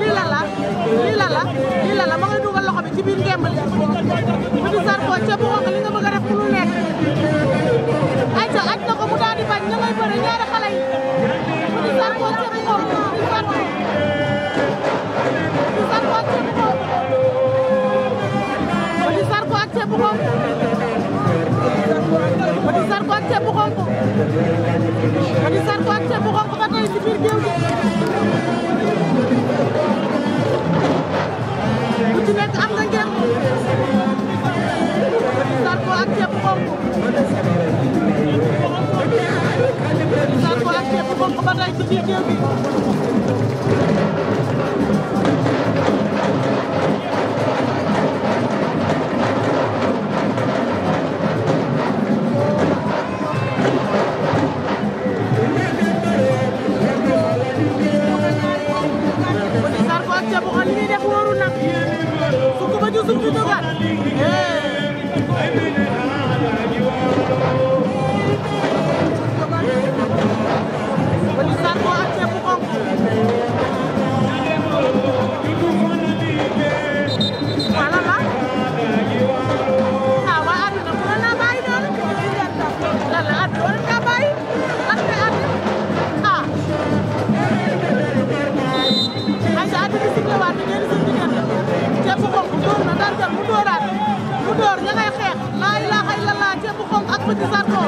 lii lan la lii lan la lii lan la loxo bi ci biir ngemb li Thank you. jël mu dóoraat mu dóor ña ngay xeex laa ilaaha illallah ceeb bu xonq ak bëti sarko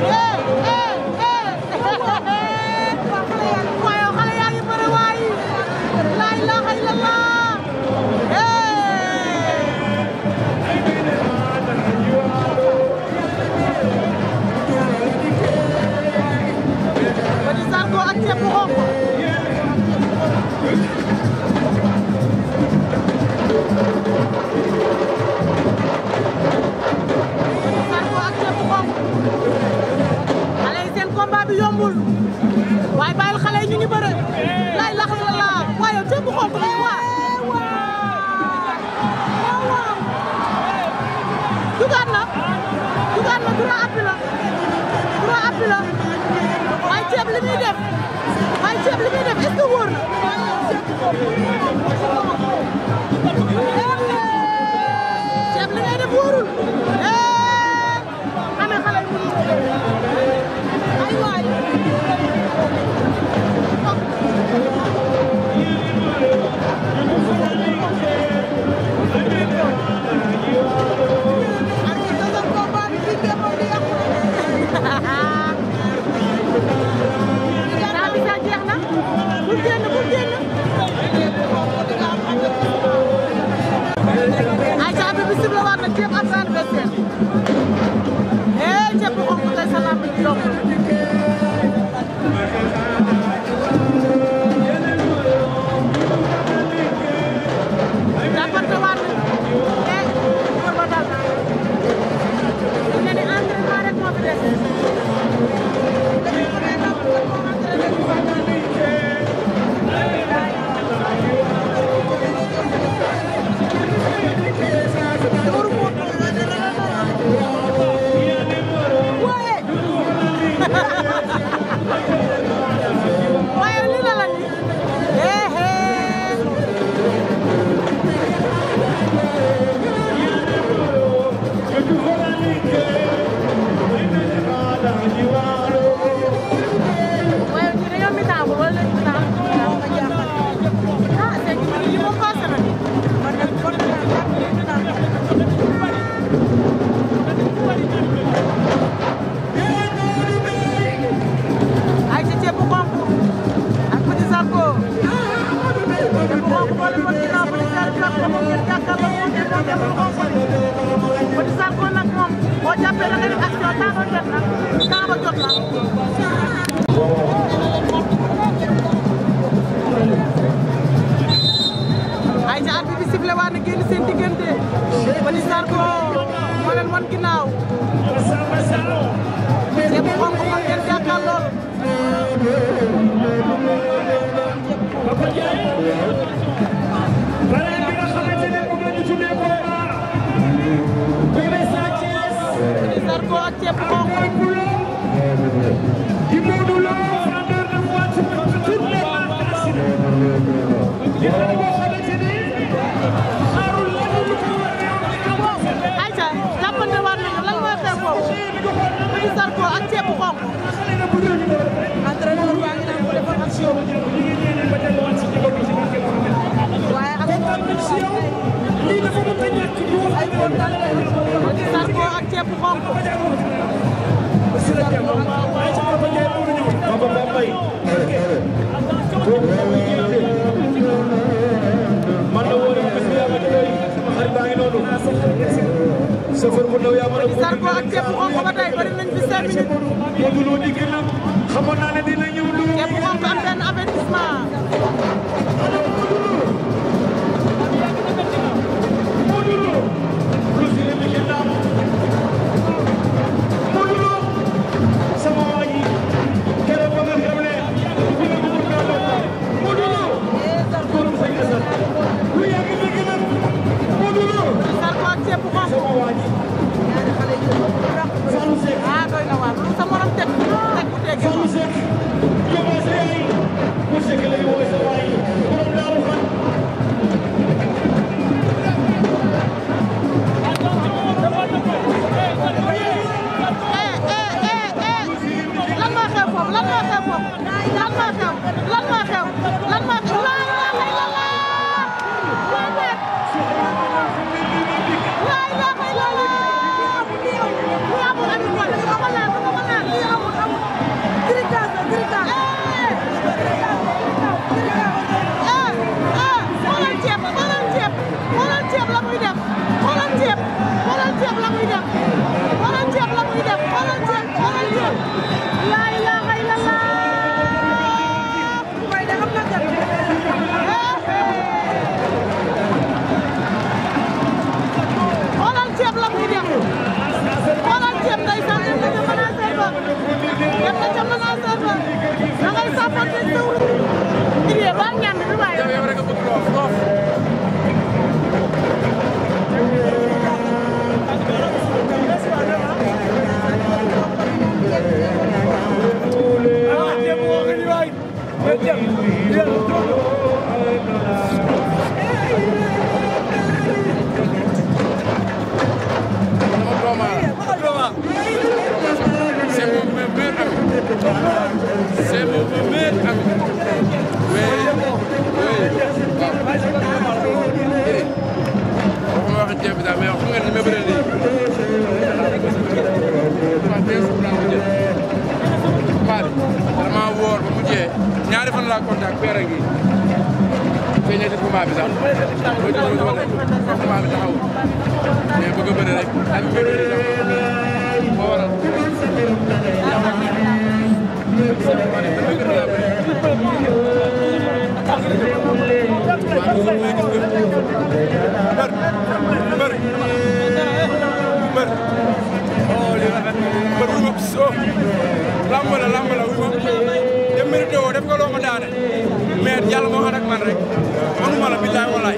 Yeah! bi la waaye ceeb li muy def waaye ceeb li muy def est-ce que wóor na Zarko moo leen wan ginnaaw ceeb bu xonk moom ngeen jàkkaar lool Zarko ak ceeb bu xonk Bamba Mbaye fii ñooy def combat bi sax mooy def combat bi taxaw mais bëgg a bëri rek ak bëri rek moo waral lamb la lamb la wuy ma dem mérité woo def nga loo ko daane mais yàlla moo ànd man rek manuma la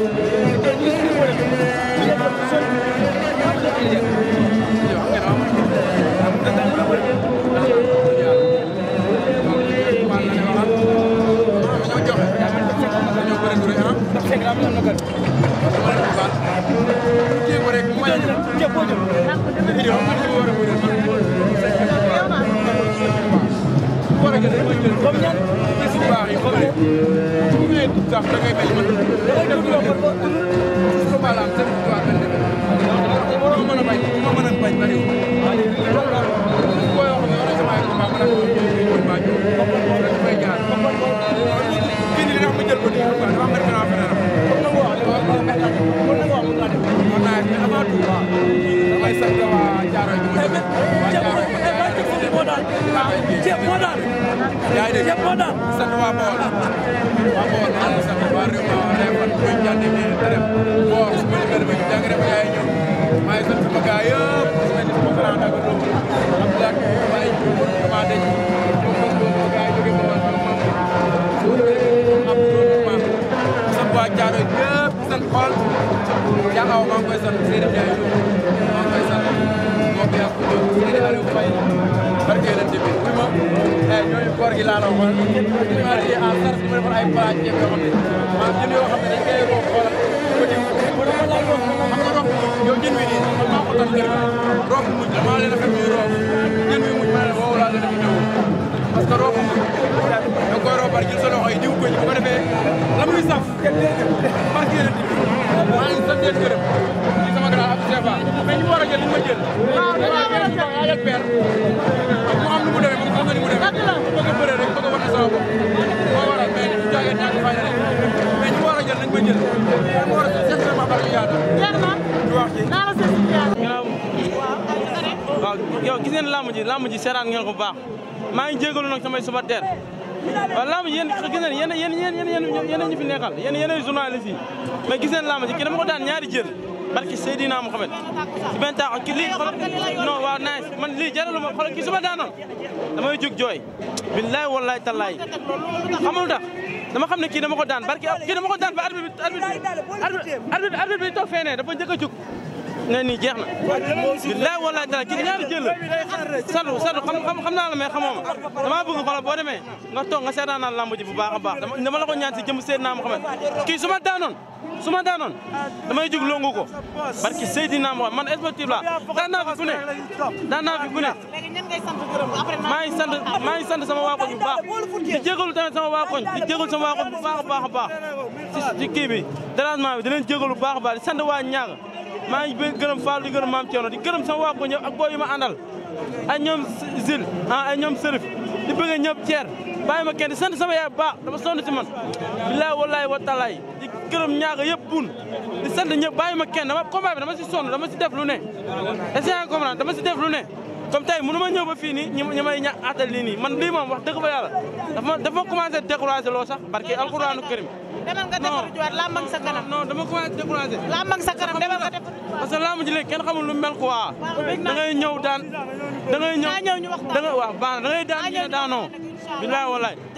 Thank you. waaye bu ñëwee dugub sax da ngay mel man da nga yokk ba dugub ba la am seen victoire benn benn. doo mën a bañ doo mën a bañ bariwul. boo yoo xam ne war na sama ay combat mën a ko jël ba ñu mën maa ñëw. rek may jaar. kii nii li nga xam ne jël ko déglu quoi dafa am benn benn affaire. Bawol waa Bawol maa ngi sant waa réew maa lay fan muy jànd bi dërëm boor su ma li mel nii jàng rek yaay ñëw maa ngi sant sama gars yëpp gis nañu sama grand ak doom ak Abdoulaye Walaye maa denc maam xar bi ma defal ay palaaj ceeb yoo xam ne maam jën ko di ko dama laa ne muy saf barke yéen a maa ngi sant leen gërëm ci sama grand ab Sefa mais ñu war a jël li ma jël dañoo jël ak mu am nu mu demee moom xam nga ni mu demee bëgg a bëre rek bëgg a wane sama yooyu ñaari fay la mais ñu war a jël nañ koy jël ñu war a sincèrement bari ñu yaatu. ñu wax ci. waaw yow gis ngeen làmb ji làmb ji seeraan ngeen ko bu baax maa ngi jégalu nag samay supporters waaw làmb ji yéen gis ngeen yéen yéen yéen yéen yéen ñu fi nekkal yéen yéen ay journalistes yi mais gis ngeen làmb ji kii dama ko daan ñaari jël barki Seydina Mohamed si benn taax ki lii xool non waaw naaj man lii jaraluma xool ki su ma daanoon damay jóg jooy billaay wallaay tallaay xamul tax dama xam ne kii dama ko daan barki kii dama ko daan ba arbitre bi arbitre bi arbitre bi toog fee ne dafa njëkk a jóg ne nii jeex na. billaay walaay dara kii ñaari jël la Sadou Sadou xam xam naa la mais xamoo ma damaa bëgg xoolal boo demee nga to nga seetaan naa lamb ji bu baax a baax dama la ko ñaan si jëm Seydina Mohamed kii su ma daanoon su ma daanoon damay jug longu ko barki Seydina Mohamed man sportif la daan naa fi ku ne daan naa fi ku ne maa ngi sant maa ngi sant sama waa koñ bu baax di jégalu tamit sama waa koñ di jégalu sama waa koñ bu baax a baax a baax ci bi dérangement bi di leen jégalu bu baax a baax di waa Ñaaga maa ngi gërëm Fall di gërëm maam Thierno di gërëm sama waa ko ñëpp ak booy ma àndal ak ñoom Zil ah ak ñoom Serif di bëgg ñëpp Thier bàyyi ma kenn di sant sama yaay baax dama sonn ci man billaay laay wa talaay di gërëm ñaaga yëpp buun di sant ñëpp bàyyi ma kenn dama combat bi dama si sonn dama si def lu ne est-ce que comprendre dama si def lu ne comme tey mënu ma ñëw ba fii nii ñu may ña atal lii nii man lii moom wax dëgg fa yàlla dafa dafa loo sax barke alquranu karim demal nga defaru jiwaat làmb ak sa kanam. non dama commencé découragé. làmb ak sa kanam demal nga defaru jiwaat. parce que làmb ji léegi kenn xamul lu mel quoi. da ngay ñëw daan da ngay ñëw. da ngay ñëw ñu waxtaan da ngay waaw baax na da ngay daan ñu ne daanoo. bilaay walaay